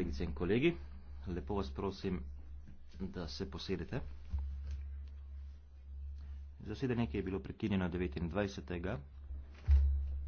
kolegice in kolegi. Lepo vas prosim, da se posedete. Zasedanje, ki je bilo prekinjeno 29.